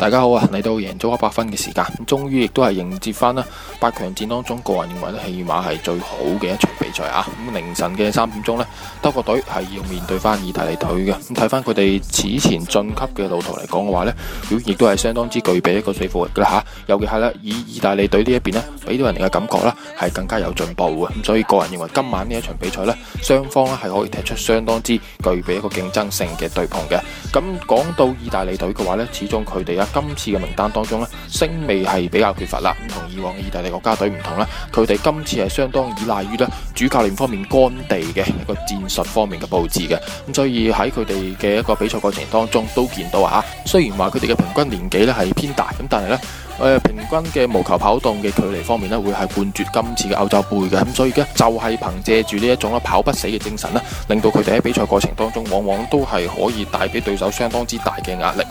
大家好啊！嚟到贏咗一百分嘅時間，終於亦都係迎接翻啦八強戰當中，個人認為咧，起碼係最好嘅一場比賽啊！咁凌晨嘅三點鐘呢，德國隊係要面對翻意大利隊嘅。咁睇翻佢哋此前晉級嘅路途嚟講嘅話咧，表現亦都係相當之具備一個水貨嘅啦嚇。尤其係呢以意大利隊呢一邊呢，俾到人哋嘅感覺呢係更加有進步嘅。咁所以個人認為今晚呢一場比賽呢，雙方呢係可以踢出相當之具備一個競爭性嘅對抗嘅。咁講到意大利隊嘅話呢，始終佢哋今次嘅名單當中呢，聲味係比較缺乏啦。咁同以往嘅意大利國家隊唔同咧，佢哋今次係相當依賴於呢主教練方面幹地嘅一個戰術方面嘅佈置嘅。咁所以喺佢哋嘅一個比賽過程當中，都見到啊，雖然話佢哋嘅平均年紀咧係偏大咁，但係呢，誒平均嘅無球跑動嘅距離方面咧，會係冠絕今次嘅歐洲盃嘅。咁所以呢，就係憑藉住呢一種咧跑不死嘅精神呢，令到佢哋喺比賽過程當中，往往都係可以帶俾對手相當之大嘅壓力。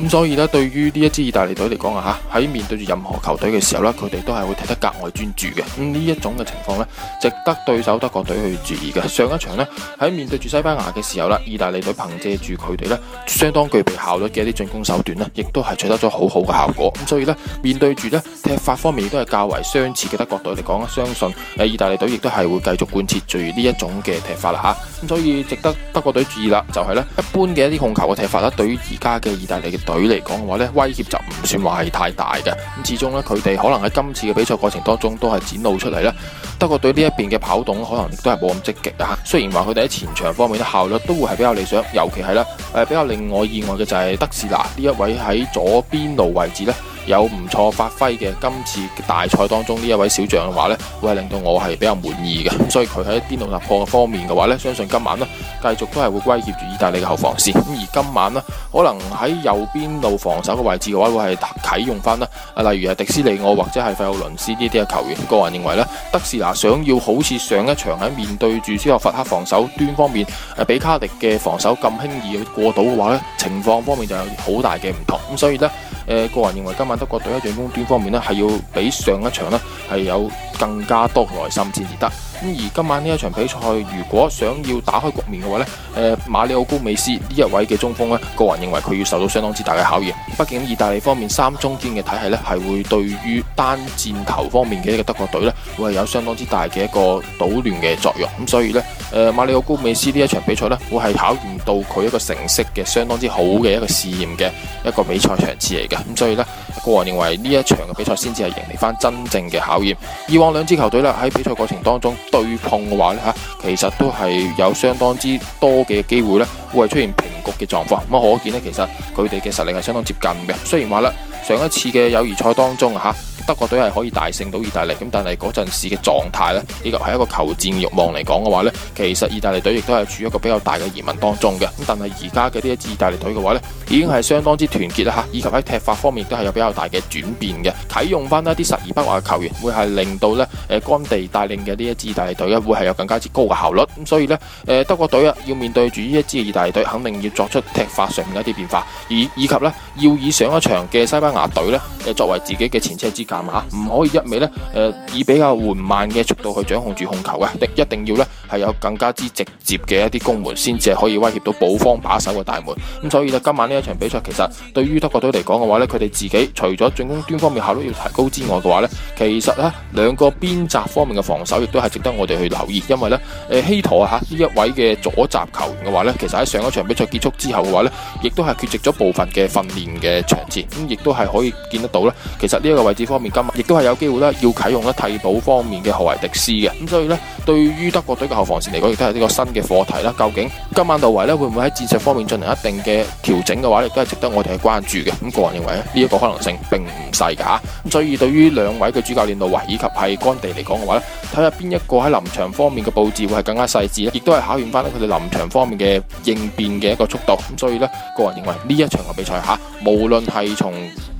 咁所以咧，對於呢一支意大利隊嚟講啊，喺面對住任何球隊嘅時候咧，佢哋都係會踢得格外專注嘅。咁呢一種嘅情況咧，值得對手德國隊去注意嘅。上一場咧，喺面對住西班牙嘅時候啦，意大利隊憑藉住佢哋咧相當具備效率嘅一啲進攻手段咧，亦都係取得咗好好嘅效果。咁所以咧，面對住咧踢法方面亦都係較為相似嘅德國隊嚟講啊，相信誒意大利隊亦都係會繼續貫徹住呢一種嘅踢法啦，吓，咁所以值得德國隊注意啦，就係咧一般嘅一啲控球嘅踢法啦，對於而家嘅意大利嘅隊嚟講嘅話咧，威脅就唔算話係太大嘅。咁始終咧，佢哋可能喺今次嘅比賽過程當中都係展露出嚟啦。德國隊呢一邊嘅跑動可能亦都係冇咁積極啊。雖然話佢哋喺前場方面嘅效率都會係比較理想，尤其係咧誒比較令我意外嘅就係德士納呢一位喺左邊路位置咧。有唔錯發揮嘅今次大賽當中呢一位小將嘅話呢，會係令到我係比較滿意嘅，所以佢喺邊度突破嘅方面嘅話呢，相信今晚呢，繼續都係會威脅住意大利嘅後防線咁而今晚呢，可能喺右邊路防守嘅位置嘅話，會係啟用翻啦。啊，例如係迪斯利奧或者係費奧倫斯呢啲嘅球員。個人認為呢，德士拿想要好似上一場喺面對住斯洛伐克防守端方面，比卡迪嘅防守咁輕易去過到嘅話呢情況方面就有好大嘅唔同。咁所以呢。誒，個人認為今晚德國隊喺進攻端方面咧，係要比上一場咧係有更加多耐心先至得。咁而今晚呢一場比賽，如果想要打開局面嘅話呢，誒，馬里奧高美斯呢一位嘅中鋒咧，個人認為佢要受到相當之大嘅考驗。畢竟意大利方面三中堅嘅體系咧，係會對於單箭頭方面嘅一個德國隊咧，會係有相當之大嘅一個搗亂嘅作用。咁所以咧。誒，馬里奧高美斯呢一場比賽呢會係考驗到佢一個成績嘅相當之好嘅一個試驗嘅一個比賽場次嚟嘅，咁所以呢，個人認為呢一場嘅比賽先至係迎嚟翻真正嘅考驗。以往兩支球隊啦喺比賽過程當中對碰嘅話呢，吓，其實都係有相當之多嘅機會呢會係出現平局嘅狀況。咁可見呢其實佢哋嘅實力係相當接近嘅。雖然話啦。上一次嘅友誼賽當中嚇，德國隊係可以大勝到意大利咁，但係嗰陣時嘅狀態呢，以及係一個求戰慾望嚟講嘅話呢，其實意大利隊亦都係處於一個比較大嘅疑問當中嘅。咁但係而家嘅呢一支意大利隊嘅話呢，已經係相當之團結啦嚇，以及喺踢法方面都係有比較大嘅轉變嘅，啟用翻一啲實而不華嘅球員，會係令到呢誒，干地帶領嘅呢一支意大利隊咧，會係有更加之高嘅效率。咁所以呢，誒德國隊啊，要面對住呢一支意大利隊，肯定要作出踢法上面嘅一啲變化，而以及呢，要以上一場嘅西班牙。隊咧，作為自己嘅前車之鑑啊，唔可以一味咧，呃、以比較緩慢嘅速度去掌控住控球嘅，一定要咧係有更加之直接嘅一啲攻門，先至係可以威脅到保方把守嘅大門。咁所以呢，今晚呢一場比賽其實對於德國隊嚟講嘅話呢，佢哋自己除咗進攻端方面效率要提高之外嘅話呢，其實呢兩個邊閘方面嘅防守亦都係值得我哋去留意。因為呢，誒希陀啊，吓呢一位嘅左閘球員嘅話呢，其實喺上一場比賽結束之後嘅話呢，亦都係缺席咗部分嘅訓練嘅場次。咁亦都係可以見得到呢，其實呢一個位置方面今日亦都係有機會呢要啟用呢替補方面嘅何維迪斯嘅。咁所以呢，對於德國隊後防線嚟講，亦都係呢個新嘅課題啦。究竟今晚杜維咧，會唔會喺戰術方面進行一定嘅調整嘅話，亦都係值得我哋去關注嘅。咁個人認為咧，呢一個可能性並唔細噶吓。咁所以對於兩位嘅主教練杜維以及係干地嚟講嘅話咧，睇下邊一個喺臨場方面嘅佈置會係更加細緻咧，亦都係考驗翻咧佢哋臨場方面嘅應變嘅一個速度。咁所以咧，個人認為呢一場嘅比賽吓，無論係從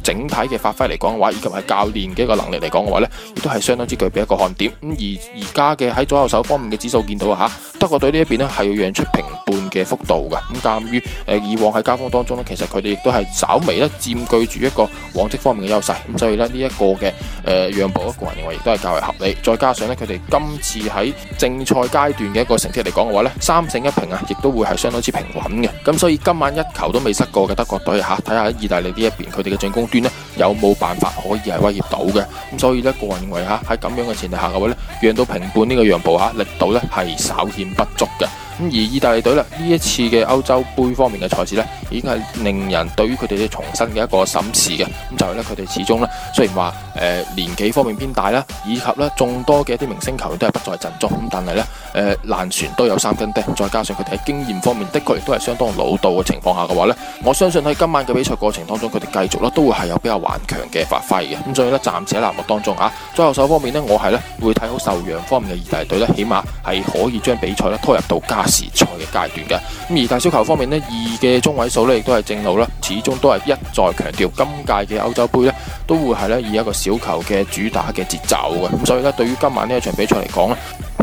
整體的發揮來講的話，以及係教練的一個能力來講的話咧，亦都是相當之具備一個看點。咁而而家嘅喺左右手方面的指數見到德國隊呢一邊咧，是要讓出平半嘅幅度嘅，咁鑒於誒以往喺交鋒當中咧，其實佢哋亦都係稍微咧佔據住一個往績方面嘅優勢，咁所以咧呢一個嘅誒讓步，我個人認為亦都係較為合理，再加上咧佢哋今次喺正賽階段嘅一個成績嚟講嘅話咧，三勝一平啊，亦都會係相當之平穩嘅，咁所以今晚一球都未失過嘅德國隊吓，睇下喺意大利呢一邊佢哋嘅進攻端咧有冇辦法可以係威脅到嘅，咁所以咧個人認為吓喺咁樣嘅前提下嘅話咧，讓到平半呢個讓步吓力度咧係稍顯不足嘅。咁而意大利隊啦，呢一次嘅歐洲杯方面嘅賽事呢，已經係令人對於佢哋嘅重新嘅一個審視嘅。咁就係咧，佢哋始終呢，雖然話誒、呃、年紀方面偏大啦，以及呢眾多嘅一啲明星球員都係不在陣中，咁但係呢，誒、呃、爛船都有三根釘，再加上佢哋喺經驗方面，的確亦都係相當老道嘅情況下嘅話呢，我相信喺今晚嘅比賽過程當中，佢哋繼續啦都會係有比較頑強嘅發揮嘅。咁所以呢暫時喺欄目當中啊，左右手方面呢，我係呢會睇好受陽方面嘅意大利隊咧，起碼係可以將比賽呢拖入到加。時賽嘅階段嘅咁，而大小球方面呢，二嘅中位數呢亦都係正路啦，始終都係一再強調今屆嘅歐洲盃呢都會係呢以一個小球嘅主打嘅節奏嘅。咁，所以呢，對於今晚呢一場比賽嚟講咧，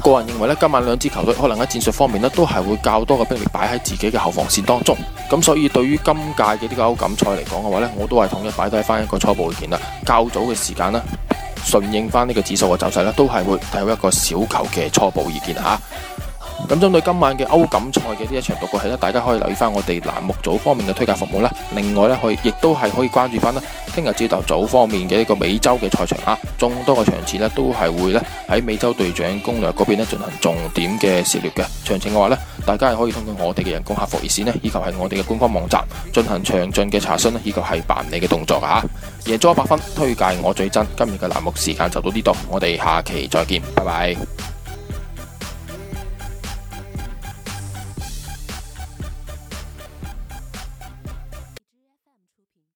個人認為呢，今晚兩支球隊可能喺戰術方面呢都係會較多嘅兵力擺喺自己嘅後防線當中咁，所以對於今屆嘅呢個歐錦賽嚟講嘅話呢，我都係統一擺低翻一個初步意見啦，較早嘅時間呢，順應翻呢個指數嘅走勢呢，都係會帶有一個小球嘅初步意見啊。咁針對今晚嘅歐錦賽嘅呢一場獨角戲咧，大家可以留意翻我哋欄目組方面嘅推介服務啦。另外咧，去亦都係可以關注翻呢聽日朝頭早組方面嘅一個美洲嘅賽場啊，眾多嘅場次咧都係會咧喺美洲隊長攻略嗰邊咧進行重點嘅涉獵嘅。詳情嘅話咧，大家係可以通過我哋嘅人工客服熱線呢，以及係我哋嘅官方網站進行詳盡嘅查詢呢，以及係辦理嘅動作啊。贏足一百 FUN，推介我最真。今日嘅欄目時間就到呢度，我哋下期再見，拜拜。